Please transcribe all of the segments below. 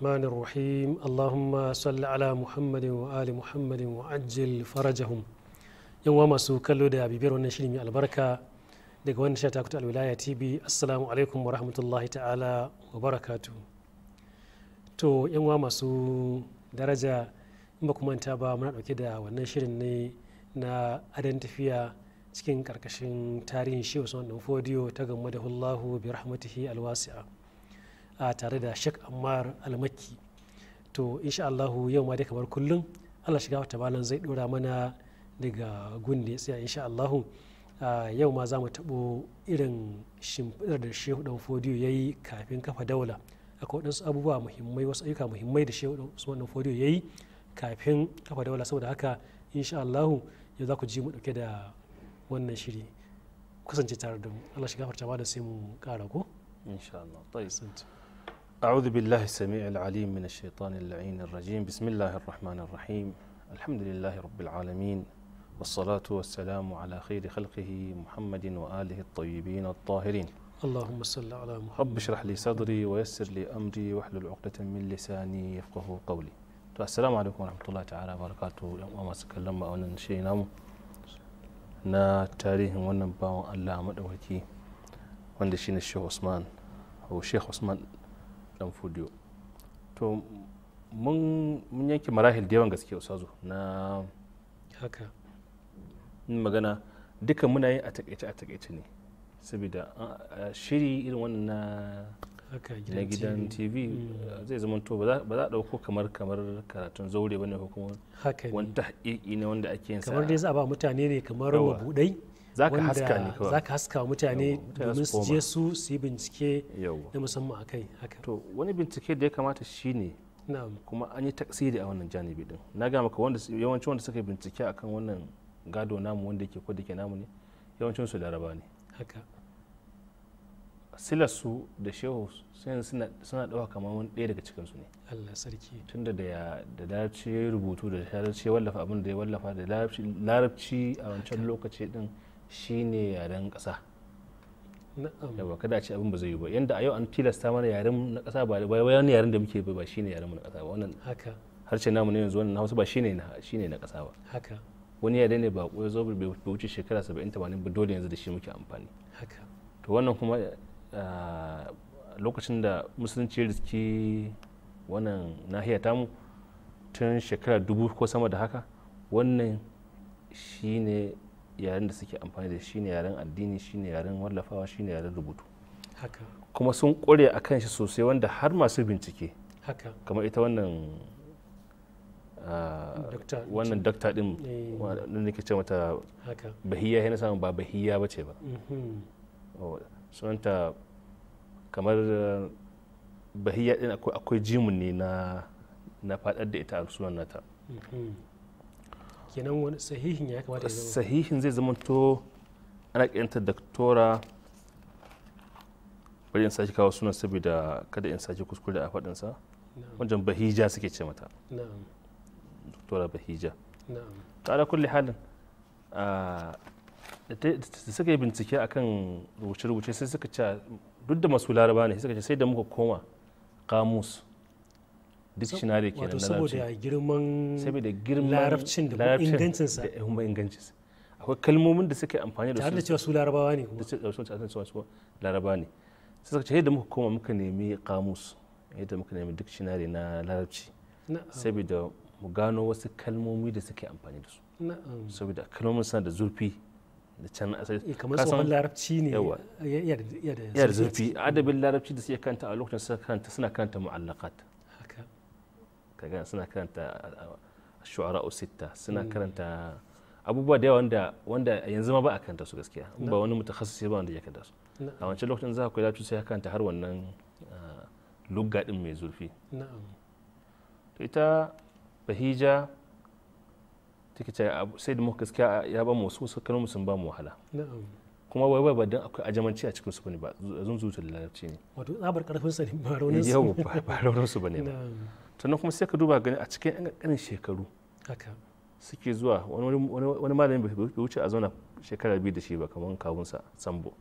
الرحمن الرحيم اللهم صل على محمد وآل محمد وعجل فرجهم يوم masu سوكلو da ببير ونشري من البركة daga wannan sha takuta alwilaya tv assalamu alaikum wa rahmatullahi ta'ala wa barakatu to yanwa masu daraja in ba manta ba muna dauke da wannan shirin ne na adan tafiya cikin karkashin tarihin shi wasu wannan fodiyo ta gamu da hullahu bi rahmatihi alwasi'a a tare da shek ammar almakki to insha allahu yau ma dai kamar kullum allah shiga wata malam zai dora mana daga gun da tsaya insha allahu yau ma za mu taɓo irin shimfiɗar da shehu dan fodiyo ya yi kafin kafa daula akwai waɗansu abubuwa muhimmai wasu ayyuka muhimmai da shehu dan fodiyo ya yi kafin kafa daula saboda haka insha allahu yau za ku ji mu ɗauke da wannan shiri kusance tare da mu allah shiga farta da sai mu ƙara ko insha allah أعوذ بالله السميع العليم من الشيطان اللعين الرجيم بسم الله الرحمن الرحيم الحمد لله رب العالمين والصلاة والسلام على خير خلقه محمد وآله الطيبين الطاهرين اللهم صل على محمد رب اشرح لي صدري ويسر لي أمري واحلل عقدة من لساني يفقه قولي السلام عليكم ورحمة الله تعالى وبركاته يوم ما سكلم أو شيء نامو na tarihin wannan bawan Allah maɗaukaki wanda shine الشيخ Usman ko Sheikh dan fudiyo to mun yanke marahil da yawan gaske usazu na haka magana duka muna yi a takaice a takaice ne saboda shiri irin wannan na gidan tv mm. zai zama to ba za a dauko kamar kamar karatun zaure bane ko kuma wani tahqiqi ne wanda ake yin sa kamar dai za a ba mutane ne kamar mabudai zaka haska ne kawai ka haska mutane domin su je su su yi bincike na musamman kai haka to wani bincike da ya kamata ne kuma an yi taksiri a wannan janibi din na ga maka wanda yawancin wanda suka bincike akan wannan gado namu wanda yake ko da ke namu ne yawancin su laraba ne haka silasu da shehu suna ɗauka kamar wani ɗaya daga cikinsu ne allah sarki tunda da da larabci ya rubutu da larabci ya wallafa abin da ya wallafa da larabci a wancan lokaci din shine yaren ƙasa yawa kada a ce abin ba zai yi ba yanda a yau an tilasta mana yaren na ƙasa ba wani yaren da muke ba shine yaren na ƙasa ba wannan harshe namu ne yanzu wannan hausa ba shine na shine na ƙasa ba haka wani yare ne ba ko zo bai wuce shekara 70 80 ba dole yanzu da shi muke amfani haka to wannan kuma ah, lokacin da musulunci riski wannan nahiya tamu tun shekara dubu ko sama da haka wannan shine yaren da suke amfani da shi ne yaren addini shi ne yaren wallafawa shi ne yaren rubutu kuma sun kware a kan shi sosai wanda har masu bincike kamar ita wannan wannan ah, dokta din wanda eh. nake ce mata bahiya yana samun ba bahiya ba ce ba mhm. oh, sunanta kamar bahiya din akwai jimun ne na faɗar da ita a sunan nata mhm. kenan wani sahihin ya kamata ya zama sahihin zai zama to ana kiranta doctora bari in sake kawo sunan saboda kada in sake kuskure a faɗinsa wajen bahija suke ce mata doctora bahija ta da kulli halin da suka yi bincike akan rubuce-rubuce sai suka ce duk da masu laraba ne suka ce sai da muka koma kamus dictionary kenan na saboda girman saboda girman larabcin da sa da kuma ingancinsa akwai kalmomin da suke amfani da su da cewa su larabawa ne kuma da su cewa su larabawa ne sai suka ce yadda muka koma muka nemi kamus yadda muka nemi dictionary na larabci saboda mu gano wasu kalmomi da suke amfani da su saboda kalmomin suna da zurfi da can asali eh, kamar tsohon larabci ne ya da zurfi adabin larabci da suke kanta a lokacin suna kanta mu'allakat kaga suna karanta shu'ara sita suna mm. karanta abubuwa da yawa wanda yanzu ma ba a karanta su gaskiya ba wani mutakhassis ba wanda ya karanta su a wancan lokacin za ka koyi sai ya karanta har wannan lugga din mai zurfi to ita bahija take ce sai da muka gaskiya ya ba mu wasu su kalmomi sun ba mu wahala kuma wai wai badan akwai ajamanci a cikin su bane ba zunzutun larabci ne wato tsabar karfin sa ne ba raunin su ba ne su bane ba sannan kuma sai ka duba gani a cikin yan ƙanin shekaru suke zuwa wani malami bai wuce a zauna shekara biyu da shi ba kamar kawunsa sambo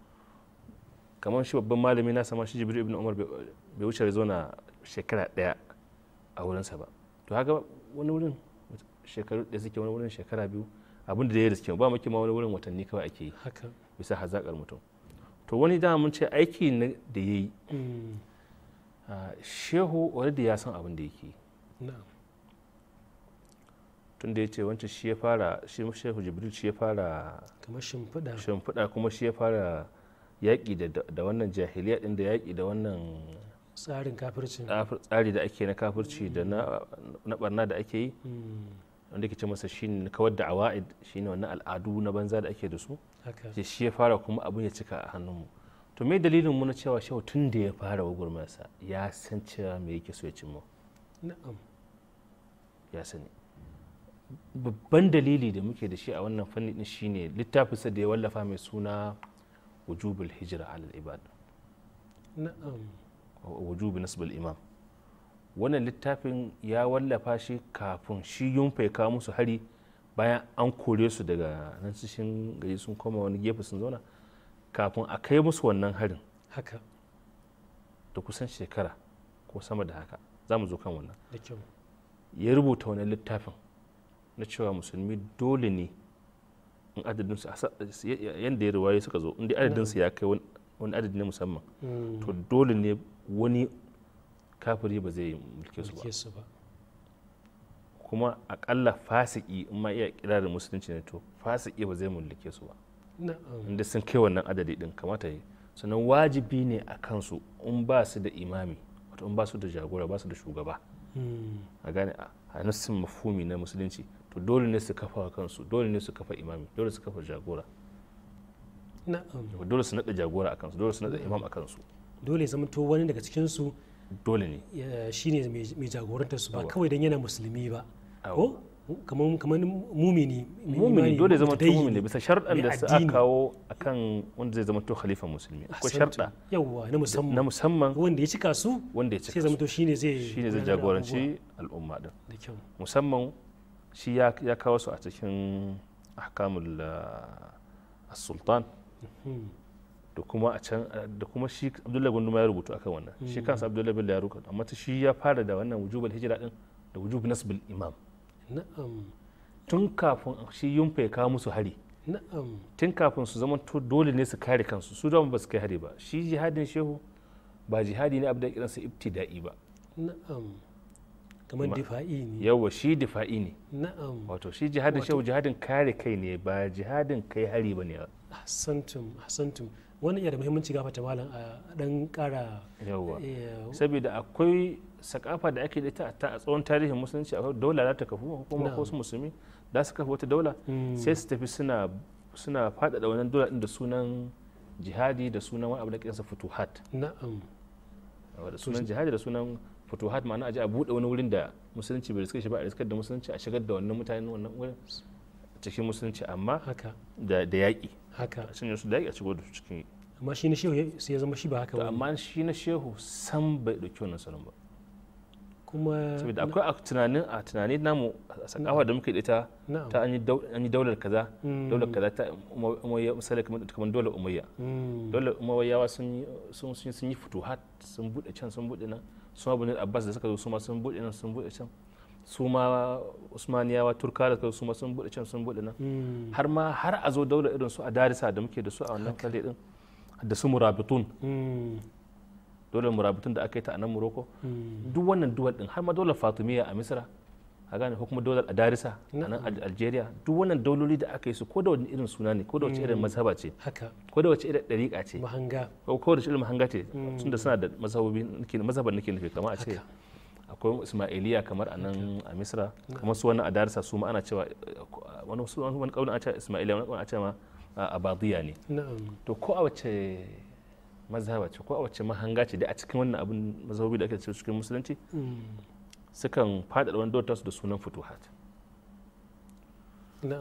kamar shi babban malami na sama shi jibril ibn umar bai wuce a zauna shekara ɗaya a wurinsa ba to haka wani wurin shekaru da suke wani wurin shekara biyu abin da ya riske ba maki ma wani wurin watanni kawai ake yi bisa hazakar mutum to wani dama mun ce aiki da ya yi mm. Ah, shehu already ya san abin da yake tun da ya ce wancan shi ya fara shi shehu jibril shi ya fara shimfiɗa shimfiɗa kuma shi ya fara yaƙi da wannan jahiliya ɗin da yaƙi da wannan tsarin kafirci tsari da ake na kafirci da na barna da ake yi hmm. wanda ke ce masa shi ne kawar da awa'id shi ne wannan al'adu na banza da ake da su shi ya fara kuma abin ya cika a hannunmu to me dalilin mu na cewa shehu tun da ya fara gwagwarmarsa ya san cewa me yake so ya cimma na'am ya sani babban dalili da muke da shi a wannan fanni din shine littafinsa da ya wallafa mai suna wujubul hijra alal ibad na'am wujubi nasbul imam wannan littafin ya wallafa shi kafin shi yunfa kawo musu hari bayan an kore su daga nan cikin gari sun koma wani gefe sun zauna kafin a kai musu wannan harin haka da kusan shekara ko sama da haka za mu zo kan wannan ya rubuta wani littafin na cewa musulmi dole ne in adadinsu yadda ya riwaye suka zo inda adadinsu ya kai wani adadin musamman hmm. to dole ne wani kafiri ba zai mulke su ba kuma akalla fasiki in ma iya kirarin musulunci ne to fasiki ba zai mulke su ba inda sun kai wannan adadi din kamata yi sannan wajibi ne a kansu in ba su da imami wato in ba su da jagora ba su da shugaba hmm. a gane a nassin mafumi na musulunci to dole ne su kafa kansu dole ne su kafa imami dole su kafa jagora dole su nada jagora a kansu dole su nada imam a kansu dole ya zamanto wani daga cikinsu dole ne shi ne mai jagorantar su ba kawai don yana musulmi ba ko kamar kamar mumini mumini dole zama to mumini bisa sharɗan da aka kawo akan wanda zai zama to khalifan musulmi akwai sharda yawa na musamman na musamman wanda ya cika su wanda ya cika sai zama to shine zai shine zai jagoranci al'umma din musamman shi ya kawo su a cikin ahkamul uh, sultan mhm. da kuma a can da kuma shi abdullahi gunduma ya rubutu akan wannan shi mhm. kansa abdullahi bello ya rubuta amma shi ya fara da wannan wujubul hijira din da wujub nasbul imam na'am tun kafin shi yunfa ya kawo musu hari na'am tun kafin su zama dole ne su kare kansu su da ba su kai hari ba shi jihadin shehu ba jihadi ne abin kiransa ibtida'i ba na'am kamar difa'i ne yawa shi difa'i ne na'am wato shi jihadin shehu jihadin kare kai ne ba jihadin kai hari ba ne ba ahsantum da muhimmanci gafata malam a dan kara yawa eh, saboda akwai sakafa da ake da ita a tsawon tarihin musulunci a dola za ta kafu hukuma ko su musulmi za su kafa wata dola hmm. sai su tafi suna suna faɗaɗa wannan ɗin da sunan jihadi da sunan wani abu da kiransa futuhat na'am da sunan jihadi da sunan futuhat ma'ana a ji a buɗe wani wurin da musulunci bai riske shi ba a riskar da musulunci a shigar da wannan mutanen wannan wurin cikin musulunci amma haka da yaƙi haka sun su da yaƙi a shigo da cikin amma shi na shehu sai ya zama shi ba haka ba amma shi na shehu san bai ɗauki wannan salon ba kuma saboda akwai a tunanin a tunanin namu a sakawa da muke ita ta an yi daular kaza mm. daular kaza ta umayya misali kamar daular umayya mm. daular umayyawa sun sun yi futuhat sun bude can sun bude nan su ma bunin abbas da suka zo su ma sun bude nan sun bude can su ma usmaniyawa turka da su ma sun bude can sun bude nan mm. har ma har a zo daular irin su a darisa da muke da su a wannan kalle din da su murabitun dole murabitin da aka yi ta a nan morocco hmm. duk wannan duwal din har ma dole fatimiyya a misra a gane ko kuma dole a darisa a nan algeria duk wannan dauloli da aka yi su ko da wani irin suna ne ko da wace irin hmm. mazhaba ce ko da wace irin dariƙa ce mahanga ko da wace irin mahanga ce hmm. tun da suna da mazhaban nake nufi kamar a ce akwai ismailiya kamar a nan a misra kamar su wannan a darisa su ma ana cewa wani wani kaulin a ce ismailiya wani kaulin a ce ma abadiya ne to ko a wace mazhaba ce ko a wacce mahanga ce da a cikin wannan abin mazhabi da ake cewa cikin musulunci mm. sukan da wani su da sunan futuhat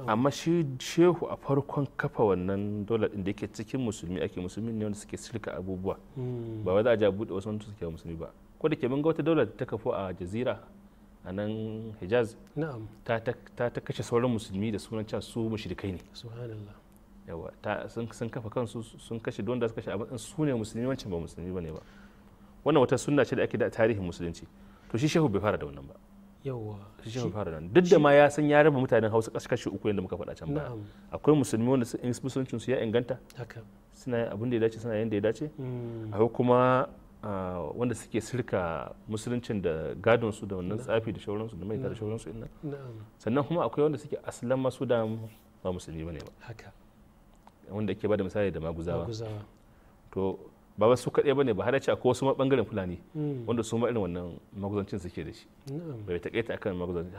amma shi shehu a farkon kafa wannan dola da yake cikin musulmi ake musulmi ne wanda suke silka abubuwa mm. ba wai za a ja buɗe wasu wanda suke musulmi ba ko da ke mun ga wata dola ta kafo a jazira a nan hijaz ta ta kashe sauran musulmi da sunan cewa su mushrikai ne subhanallah yawa sun kafa kansu sun kashe don da suka shi abin su ne musulmi wancan ba musulmi bane ba wannan wata sunna ce da ake da tarihin musulunci to shi shehu bai fara da wannan ba yawa shi shehu fara da duk da ma ya san ya raba mutanen Hausa kashe uku yanda muka faɗa can ba akwai musulmi wanda in musuluncin su ya inganta suna abin da ya dace suna da ya dace hmm. akwai kuma ah, wanda suke sirka musuluncin da gadon su da wannan tsafi da shauransu da mai da shauransu sannan kuma akwai wanda suke aslan masu da ba musulmi bane ba haka wanda ake bada misali da maguzawa to ba wasu kaɗai ba ne ba hada akwai wasu ɓangaren fulani hmm. wanda su ma irin wannan maguzancin suke da shi bai kaita akan maguzancin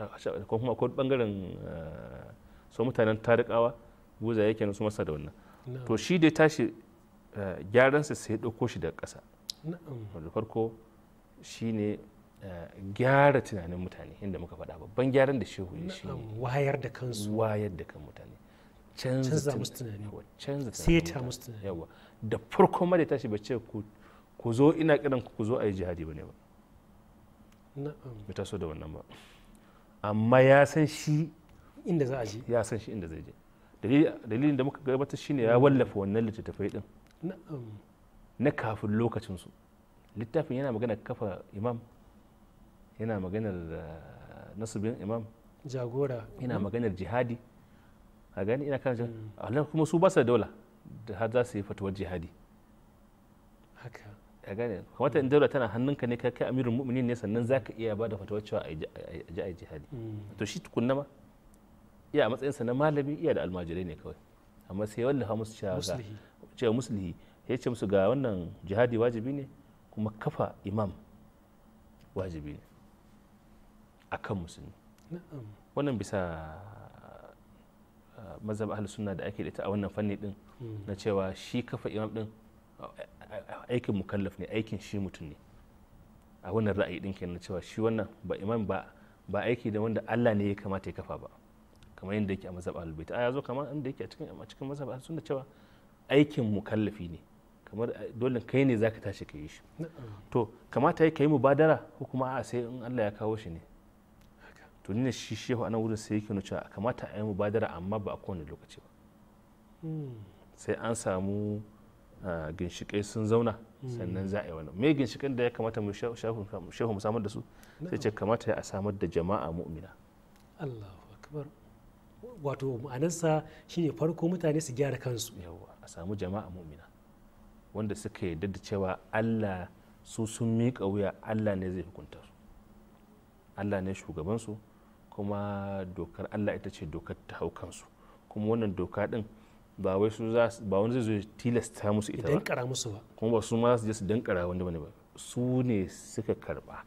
ko kuma akwai ɓangaren eh, su mutanen tarikawa Guza yake su masa da wannan to shi dai tashi eh, gyaran su sai ɗauko shi daga ƙasa da farko shi ne eh, gyara tunanin mutane inda muka faɗa babban gyaran da shehu ne. shi wayar da kansu wayar da kan mutane canza tunani canza seta musu tunani yawa da farko ma da tashi bace ku ku zo ina kiran ku zo ayi jihadi bane ba na'am bai taso da wannan ba amma ya san shi inda za a je ya san shi inda zai je dalilin da muka gabatar shine ya wallafa wannan littattafai din na kafin lokacin su littafin yana magana kafa imam yana maganar eh, nasubin imam jagora yana maganar jihadi a gani ina kan mm. Allah kuma su ba su da daula da har za su yi fatuwar jihadi haka a gane kamata in daula tana hannunka ne kai kai amirul mu'minin ne sannan za ka iya ba da fatuwar cewa a ji a jihadi mm. to shi tukunna ma iya a matsayinsa na malami iya da almajirai ne kawai amma sai ha musu cewa muslihi ya ce musu ga wannan jihadi wajibi ne kuma kafa imam wajibi ne a kan musulmi wannan bisa mazhab ahlus sunna da ake da ita a wannan fanni din hmm. na cewa shi kafa imam din aikin mukallaf ne aikin shi mutum ne a wannan ra'ayi din kenan cewa shi wannan ba imam ba ba aiki da wanda Allah ne ya kamata ya kafa ba kamar yadda yake a mazhab ahlul bait a yazo kamar inda yake a cikin a cikin mazhab ahlus sunna cewa aikin mukallafi ne kamar dole kai ne zaka tashi ka yi shi to kamata ya kai mubadara ko kuma a sai in Allah ya kawo shi ne to ni ne shi shehu nan wurin sai yake cewa kamata a yi mubadara amma ba a kowane lokaci ba sai an samu ah, ginshikai sun zauna sannan za a yi wannan mai ginshikan da ya kamata mu shehu mu samar da su sai ce kamata a samar da jama'a mu'mina Allahu akbar wato ma'anarsa shine farko mutane su gyara kansu yawa a samu jama'a mu'mina wanda suka yarda da cewa Allah su sun miƙa wuya Allah ne zai hukunta su Allah ne shugabansu kuma dokar allah ita ce dokar ta hau kansu kuma wannan doka din ba wai su za ba wani zai zo tilasta musu ita ba kara musu ba kuma ba su ma su je su kara wanda bane ba su ne suka karba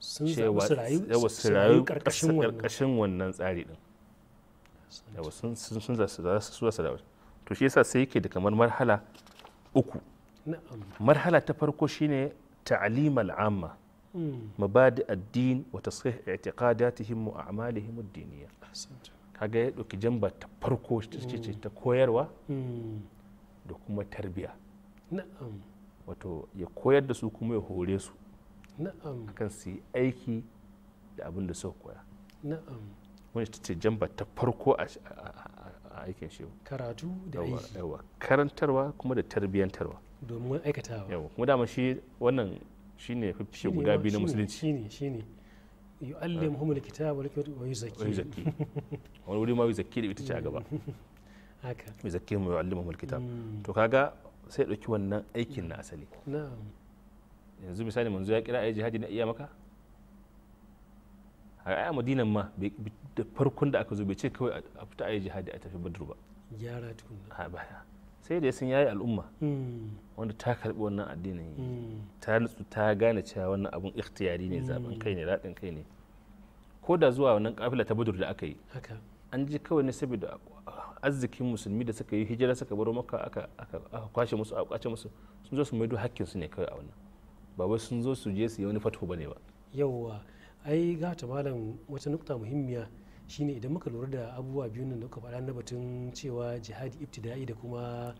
sun zaɓi su rayu ƙarƙashin wannan tsari din yawa sun sun za su rayu to shi yasa sai yake da kamar marhala uku marhala ta farko shine ta'limal amma Hmm. mabadi addin wa tasrih i'tiqadatihim wa a'malihim ad-diniyya kaga ya doki jamba ta farko ce ta hmm. koyarwa hmm. da kuma tarbiya na'am wato ya koyar da su kuma ya hore su na'am akan su yi aiki da abin da suka koya na'am wani ta ce jamba ta farko a aikin shehu karatu da aiki yawa karantarwa kuma da tarbiyantarwa domin aikatawa yawa kuma dama shi wannan shine fi guda biyu na musulunci shine shine yu'allimuhum alkitaba wa yuzakki wani wuri ma yuzakki da ita ce a gaba haka yuzakki mu yu'allimuhum alkitab mm. to kaga sai dauki wannan aikin na asali na'am yanzu misali manzo ya kira ayi jihadi na iya maka a madinan ma da farkon da aka zo bai ce kawai a fita ayi jihadi a tafi badru ba ba sai da sun yayi al'umma hmm. wanda ta karbi wannan addinin hmm. ta nutsu ta gane cewa wannan abun ikhtiyari ne zaben kai ne hmm. radin kai ne ko da zuwa wannan kafila ta budur da aka yi an ji kawai ne saboda arzikin musulmi da suka yi hijira suka baro maka aka kwashe musu aka kwace musu sun zo su maido hakkin su ne kawai a wannan ba wai sun zo su je su yi wani fato bane ba yawwa ai gata malam wata nukta muhimmiya shine idan muka lura da abubuwa biyun nan da kuka faɗa na batun cewa jihadi ibtida'i da kuma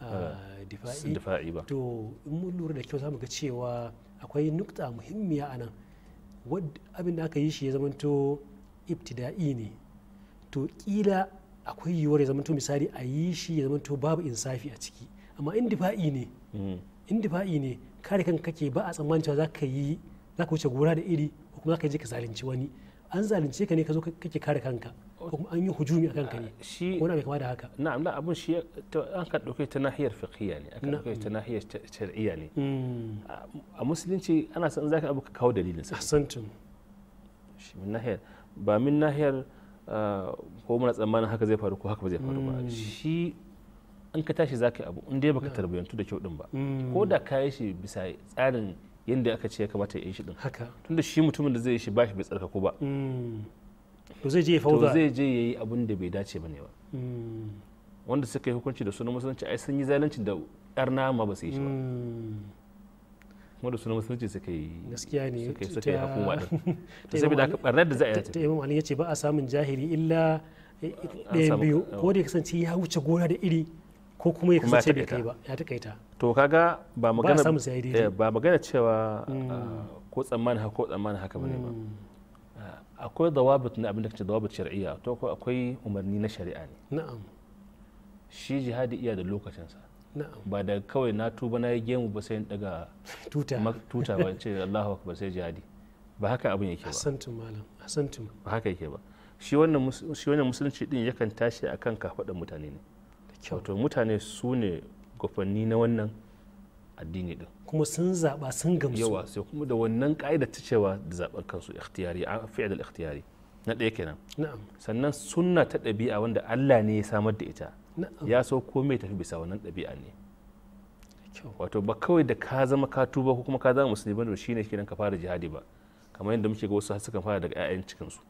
ah, eh, difa'i to in mun lura da kyau zamu ga cewa akwai nukta muhimmiya a nan abin da aka yi shi ya zamanto ibtida'i ne to kila akwai yiwuwar ya zamanto misali a yi shi ya zamanto babu insafi a ciki amma in difa'i ne mm. in difa'i ne kare kanka kake ba a tsammanin cewa za ka yi za ka wuce gora da iri ko kuma za ka je ka zalunci wani an zalunce ka ne ka zo kake kare kanka ko kuma an yi hujumi a kanka ne shi wani bai kama da haka na'am na abun shi an ka dauke ta nahiyar fiqhiyya ne aka dauke ta nahiyar shar'iyya ne hmm. a musulunci ana san zaka abu ka kawo dalilin sa ahsantum shi min nahiyar ba min nahiyar ko muna tsammanin haka zai faru ko haka ba zai faru ba hmm. shi an ka tashi zaka abu in dai baka tarbiyantu da kyau din ba hmm. ko da kayi shi bisa tsarin yadda aka ce ya kamata ya yi shi din haka tunda shi mutumin da zai yi shi ba shi bai ko ba mm. to zai je ya fauza to zai je ya yi abin da bai dace ba ne ba mm. wanda suka yi hukunci da sunan musulunci ai sun yi zalunci da yar nama ba su yi shi ba mm. kuma da sunan musulunci suka yi gaskiya ne suka yi hukuma din to saboda haka barnar da za a yi ta imam ali yace ba a samun jahili illa eh, ɗayan biyu ko da ya kasance ya wuce gona da iri ko kuma ya kasance bai kai ba ya takaita to kaga ba magana eh, ba magana cewa mm. ah, ko tsammani haka ko tsammani haka bane ba mm. ah, akwai dawabit na abin da kace dawabit shar'iyya to ko akwai umarni na shari'a ne na'am shi jihadi iya da lokacinsa ba da kawai na tuba na yi gemu ba sai daga tuta ba ce Allahu akbar sai jihadi ba haka abin yake ba asantum malam asantum ba haka yake ba shi wannan musulunci din yakan tashi akan kafadan mutane ne wato mutane su ne gwafanni na wannan addini din kuma sun zaɓa sun gamsu yawa sai kuma da wannan ka'ida ta cewa da zaɓar kansu ikhtiyari a fi'il ikhtiyari na ɗaya kenan sannan sunna ta ɗabi'a wanda Allah ne ya samar da ita ya so komai tafi bisa wannan ɗabi'a ne wato ba kawai da ka zama ka tuba ko kuma ka zama musulmi ba shine kenan ka fara jihadi ba kamar yadda muke ga wasu suka fara daga 'ya'yan cikinsu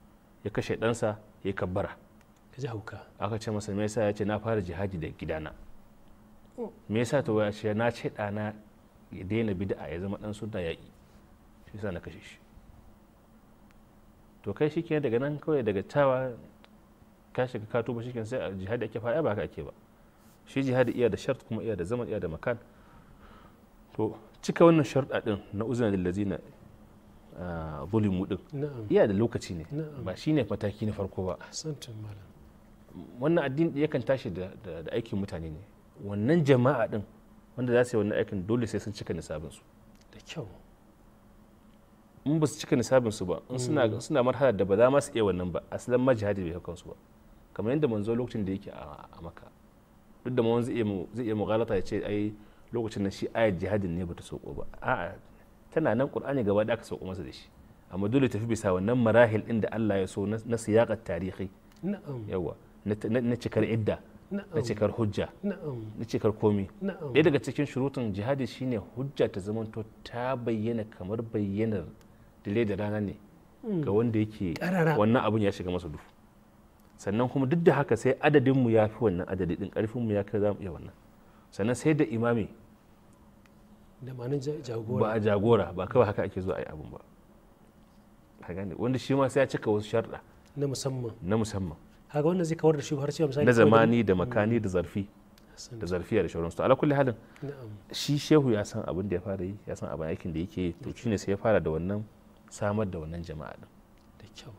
ya kashe ɗansa ya kabbara ya ji hauka aka ce masa me yasa ya ce na fara jihadi da gidana oh. me yasa to ya ce na ce dana ya daina bid'a ya zama dan sunna ya yi shi yasa na kashe shi to kai shikenan daga nan kawai daga tawa ka shiga ka tuba shikenan sai jihadi ake fara ba ka ake ba shi jihadi iya da shart kuma iya da zaman iya da makan to cika wannan a ɗin na uzina lazina ah, zulimu ɗin iya da lokaci ne ba shine mataki na farko ba wannan addini yakan tashi da aikin mutane ne wannan jama'a din wanda za su yi wannan aikin dole sai sun cika nisabinsu da kyau in ba su cika nisabinsu ba in suna mm. suna marhala da ba za ma su iya wannan ba asalan ma jihadi bai kansu ba kamar yadda manzo lokacin da yake a maka duk da mawan zai iya mughalata ya ce ai lokacin na shi ayat jihadin ne bata sauko ba a'a tana nan qur'ani gaba da aka sauko masa da shi amma dole tafi bisa wannan marahil din da Allah ya so na siyaqat tarihi na'am yawa na cikar idda na cikar hujja na cikar komi ɗaya daga cikin shurutun jihadi shine hujja ta zamanto ta bayyana kamar bayyanar dare da rana ne hmm. ga wanda yake wannan abun ya shiga masa duhu sannan kuma duk da haka sai adadin mu ya fi wannan adadi din mu ya kai za mu iya wannan sannan sai da imami da manin jagora ba a jagora ba kawai haka ake zuwa a yi abun ba wanda shi ma sai ya cika wasu sharɗa na musamman na musamman kaga wannan zai kawar da shi har sai misali na zamani da makani da zarfi da zarfiya da shauransu to ala kulli halin shi shehu ya san abin da ya fara yi ya san abin aikin da yake to shine sai ya fara da wannan samar da wannan jama'a din da kyau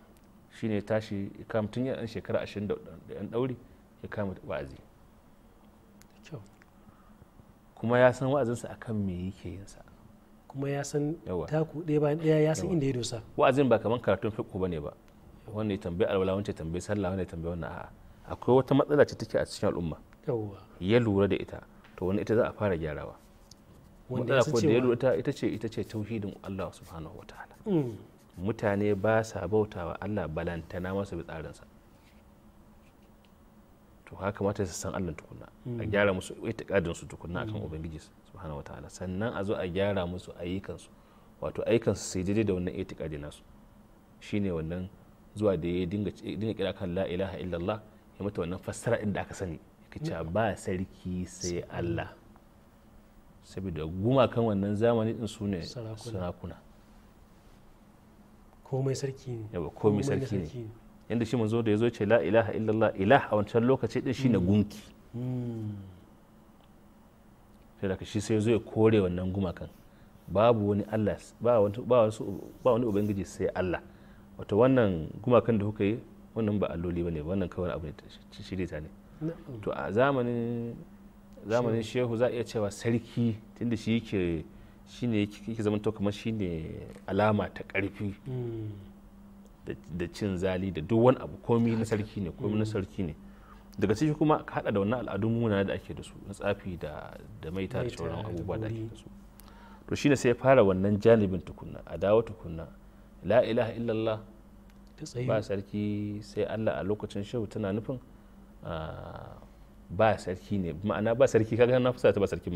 shine tashi kam tun dan shekara 20 da yan daure ya kama wa'azi kuma ya san wa'azinsa akan me yake yin sa kuma ya san taku ɗaya bayan ɗaya ya san inda ya dosa wa'azin ba kaman karatun fiqh bane ba wanda ya tambayi alwala wanda ya tambayi sallah wanda ya tambayi wannan a'a akwai wata matsala ce take a cikin al'umma ya lura da ita to wani ita za a fara gyarawa matsala ko da ya lura ita ce ita ce tauhidin Allah subhanahu wataala mm. mutane ba sa bautawa Allah balantana masa bi tsarin sa to haka mata su san Allah tukuna a mm. gyara musu kadin su tukunna akan mm. ubangiji subhanahu wataala sannan a zo a gyara musu ayyukan su wato ayyukan su sai daidai da wannan itikadi nasu shine wannan zuwa da ya dinga kira kan la ilaha illallah ya mata wannan fassara inda aka sani ka ba sarki sai Allah saboda gumakan wannan zamani din su ne sarakuna komai sarki ne yawa komai sarki ne yadda shi manzo da ya zo ce la ilaha illallah ilah a wancan lokaci din shine mm. gunki mm. sai da shi sai zo ya kore wannan gumakan babu wani Allah ba wani ubangiji sai Allah wato wannan gumakan da kuka yi wannan ba alloli ba ne wannan kawai abu ne shirita ne to a zamanin zamanin shehu za a iya cewa sarki tunda shi yake ne yake zama to kamar ne alama ta karfi hmm. da cin zali da duk wani abu komi na sarki ne komi na hmm. sarki ne daga ciki kuma ka hada da wannan al'adun muna da ake da su na tsafi da da maita da sauran abubuwa da ake da su mm. to shine sai ya fara wannan janibin tukunna a dawo tukunna la ilaha illallah ba sarki sai allah a lokacin shehu tana nufin ah, ba sarki ne ma'ana ba sarki kaga na fusa ta ba sarki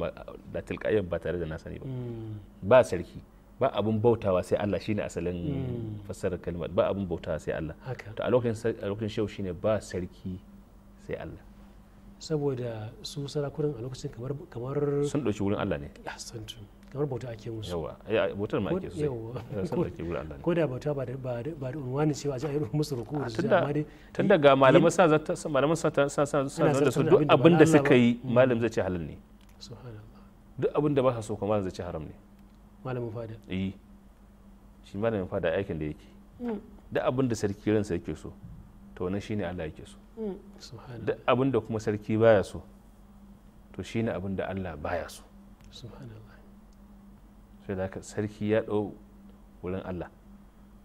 da tilkayen ba tare da na sani ba hmm. ba sarki ba abun bautawa sai Allah shine asalin hmm. fassarar kalmar ba abun bautawa sai Allah to a lokacin a shehu shine ba sarki sai Allah saboda su sarakunan a lokacin kamar kamar sun dauki wurin Allah ne ahsantu kamar bauta ake musu yawa eh, bautar ma ake sosai yawa ko da bauta ba da ba da unwani cewa a yi musu ruku ah, da su dai tun daga malaman sa malaman sa sa sa da su duk abin da suka yi mm. malam zai ce halal ne duk abin da ba sa so kuma malam zai ce haram ne malamin fada eh shi malamin fada aikin da yake mm. duk abin da sarki ransa yake so to wannan shine Allah yake so mm. duk abin da kuma sarki baya so to shine abin da Allah baya so subhanallah sai da sarki ya ɗau wurin Allah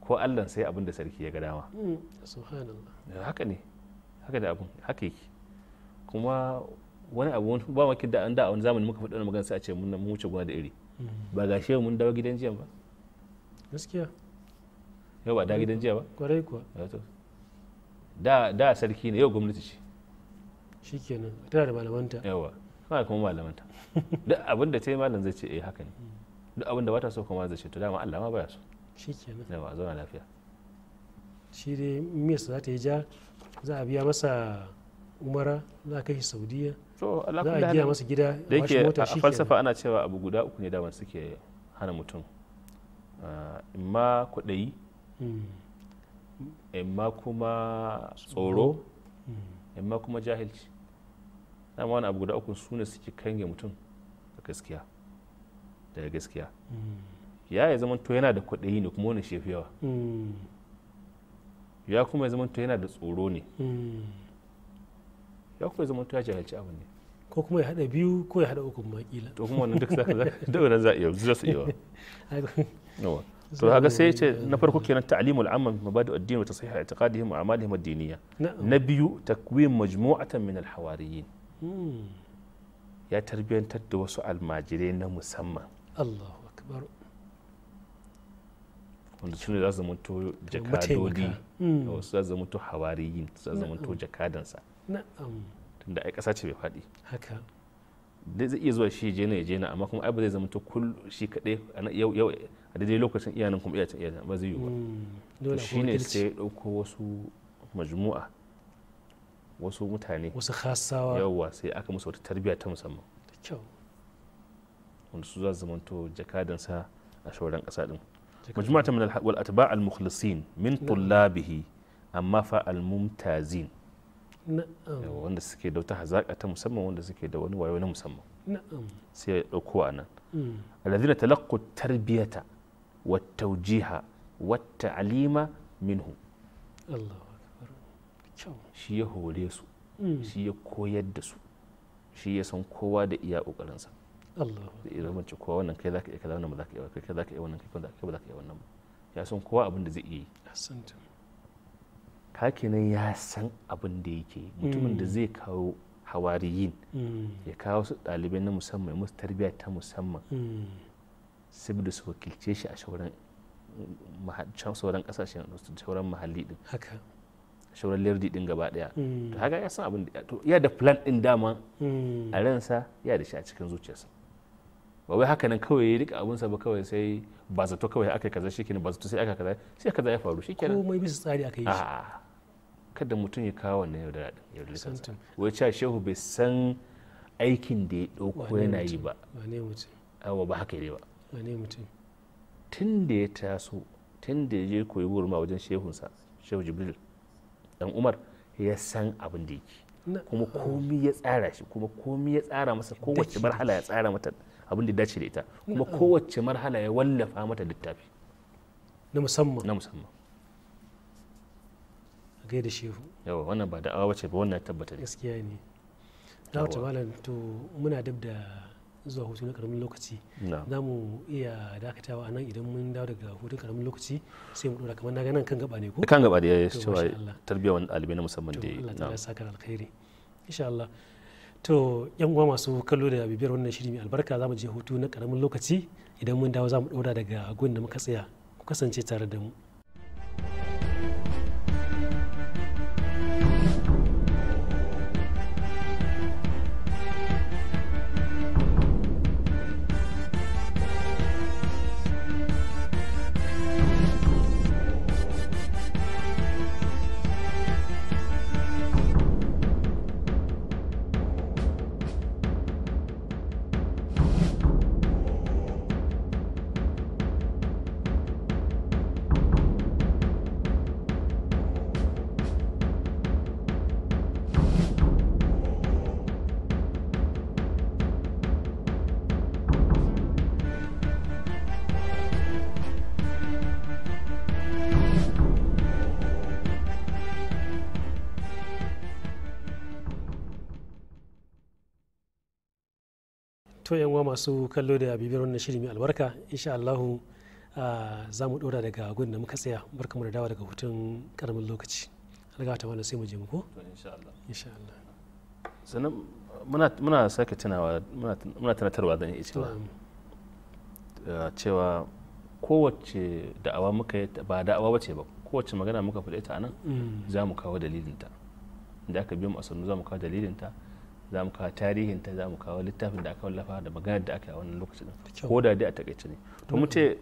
ko Allah sai abin da sarki ya ga dama mm. eh, haka ne haka da abin haka yake kuma wani abu ba makin da an da a wani zamani muka faɗa magana sai a ce mun wuce gona da iri mm. ba ga shehu mun dawo gidan jiya ba gaskiya yau ba da gidan jiya ba kwarai kuwa eh, da da sarki ne yau gwamnati ce shikenan tana da malamanta yawa ba kuma malamanta duk abin da ta yi malam zai ce eh haka ne mm. duk abin da ba ta so kuma zai ce to dama Allah ma baya so shikenan da ba zauna lafiya shi dai miyarsa za ta yi ja za a biya masa umara za a kai shi saudiya to za a biya masa gida da yake a falsafa ana cewa abu guda uku ne daman suke hana mutum ah, imma kuɗayi hmm. imma kuma tsoro hmm. imma kuma jahilci dama wani abu guda uku su ne suke kange mutum a gaskiya daga gaskiya mm. ya ya zama to yana da kwaɗayi ne kuma wani shefi yawa mm. ya kuma ya zama to yana da tsoro ne mm. ya kuma ya zama to ya jahilci abu ne ko kuma ya haɗa biyu ko ya haɗa uku ma kila to kuma wannan duk za ka za iya za su iya wa to haka sai ce na farko kenan ta'limul amma bi mabadi addini din wa tasih i'tiqadihim wa a'malihim ad-diniyya na biyu takwim majmu'atan min al-hawariyin ya tarbiyantar da wasu almajirai na musamman Allahu akbar wanda su ne za su zamanto jakadodi wasu mm. za su zamanto hawariyin za su zamanto jakadansa tunda ai ƙasa ce bai faɗi haka dai zai iya zuwa shi je na je na amma kuma ai ba zai zamanto kull shi kaɗai yau yau a daidai lokacin iyanan kuma iyacin iyacin ba zai yi ba mm. to ne sai ya ɗauko wasu majmu'a wasu mutane wasu khasawa yawwa sai aka musu wata tarbiyya ta musamman da kyau wanda su za su zamanto jakadansa a shauran ƙasa ɗin majmu'a ta minal wal atba al mukhlisin min tullabihi amma fa al mumtazin um. wanda suke da wata hazaƙa ta musamman wanda suke da wani wayo na musamman um. sai ya ɗauko a nan hmm. alladhina talaqqu tarbiyata wa tawjiha wa ta'lima minhu shi ya hore su hmm. shi ya koyar da su shi ya san kowa da iya ƙoƙarinsa Allah da mace kowa wannan kai zaka iya kaza wannan ba zaka iya kai zaka iya wannan kai ba zaka iya wannan ba ya san kowa abin da zai iya yi ka kenan ya san abin da yake mutumin da mm. zai kawo hawariyin mm. ya kawo su ɗalibai na musamman musu tarbiyya ta musamman mm. saboda su wakilce shi a shauran can sauran kasashen sauran mahalli din shauran lerdi din gaba daya to haka ya san abin da ya da plan din dama a ransa ya da shi a cikin zuciyarsa ba wai haka nan kawai ya rika abunsa ba kawai sai ba zato kawai aka kaza shi kenan ba zato sai aka kaza sai kaza ya faru shi kenan komai bisa tsari aka yi shi kada mutum ya kawo wannan yau da yau kansa wai cewa shehu bai san aikin da ya dauko yana yi ba wane mutum awa ba haka ne ba wane mutum tun da ya taso tun da ya je koyi gurma wajen shehunsa shehu jibril dan umar ya san abin da yake kuma komi ya tsara shi kuma komi ya tsara masa kowace marhala ya tsara mata abin da dace da ita kuma kowace marhala ya wallafa mata littafi na musamman na musamman gai da shehu yawa wannan ba awa wace ba wannan tabbata ne gaskiya ne na wata malam to muna dab da zuwa hutu na karamin lokaci za mu iya dakatawa a nan idan mun dawo daga hutun karamin lokaci sai mu dora kamar na ganin kan gaba ne ko kan gaba da ya cewa tarbiyyar wani ɗalibai na musamman da ya yi Allah ta saka alkhairi insha Allah to yan uwa masu kallo da bibiyar wannan shiri mai albarka za mu je hutu na karamin lokaci idan mun dawo za mu ɗora daga gun da muka tsaya ku kasance tare da mu to yan uwa masu kallo da bibiyar wannan shiri mai albarka insha Allahu za mu dora daga gudun da muka tsaya barkamu da dawa daga hutun karamin lokaci alga ta wani sai mu je muku insha Allah sannan muna sake tunawa muna tunatarwa zan iya cewa cewa kowace da'awa muka yi ba da'awa wace ba kowace magana muka faɗe ita anan mm. za mu kawo dalilinta da aka biyo mu a za mu kawo dalilinta za mu kawo tarihin ta za mu kawo littafin da aka wallafa da magana da aka yi a wannan lokacin ko da dai a takaice ne to mu ce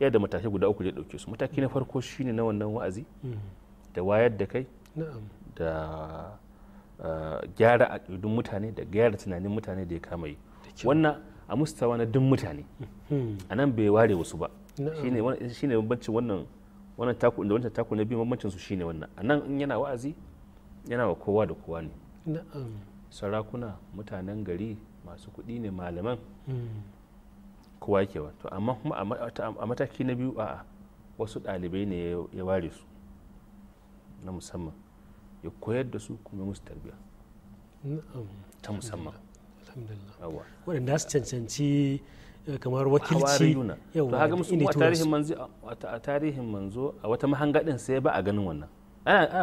ya da matakai guda uku ya dauke su mataki na farko shine na wannan wa'azi mm. da wayar da kai da ah, gyara a mutane da gyara tunanin mutane da ya kama yi wannan a mustawa na duk mutane mm-hmm. a nan bai ware wasu ba shine bambancin wannan wannan taku da wancan taku na biyu bambancin su shine wannan a nan in yana wa'azi yana wa kowa da kowa ne sarakuna mutanen gari masu kuɗi ne malaman hmm. kowa ke to amma kuma a mataki na biyu a wasu ɗalibai ne ya ware su na musamman ya koyar da su kuma musu tarbiya ta musamman waɗanda su cancanci eh, kamar wakilci yau to haka musu a tarihin manzo a wata mahangadin sai ba a ganin wannan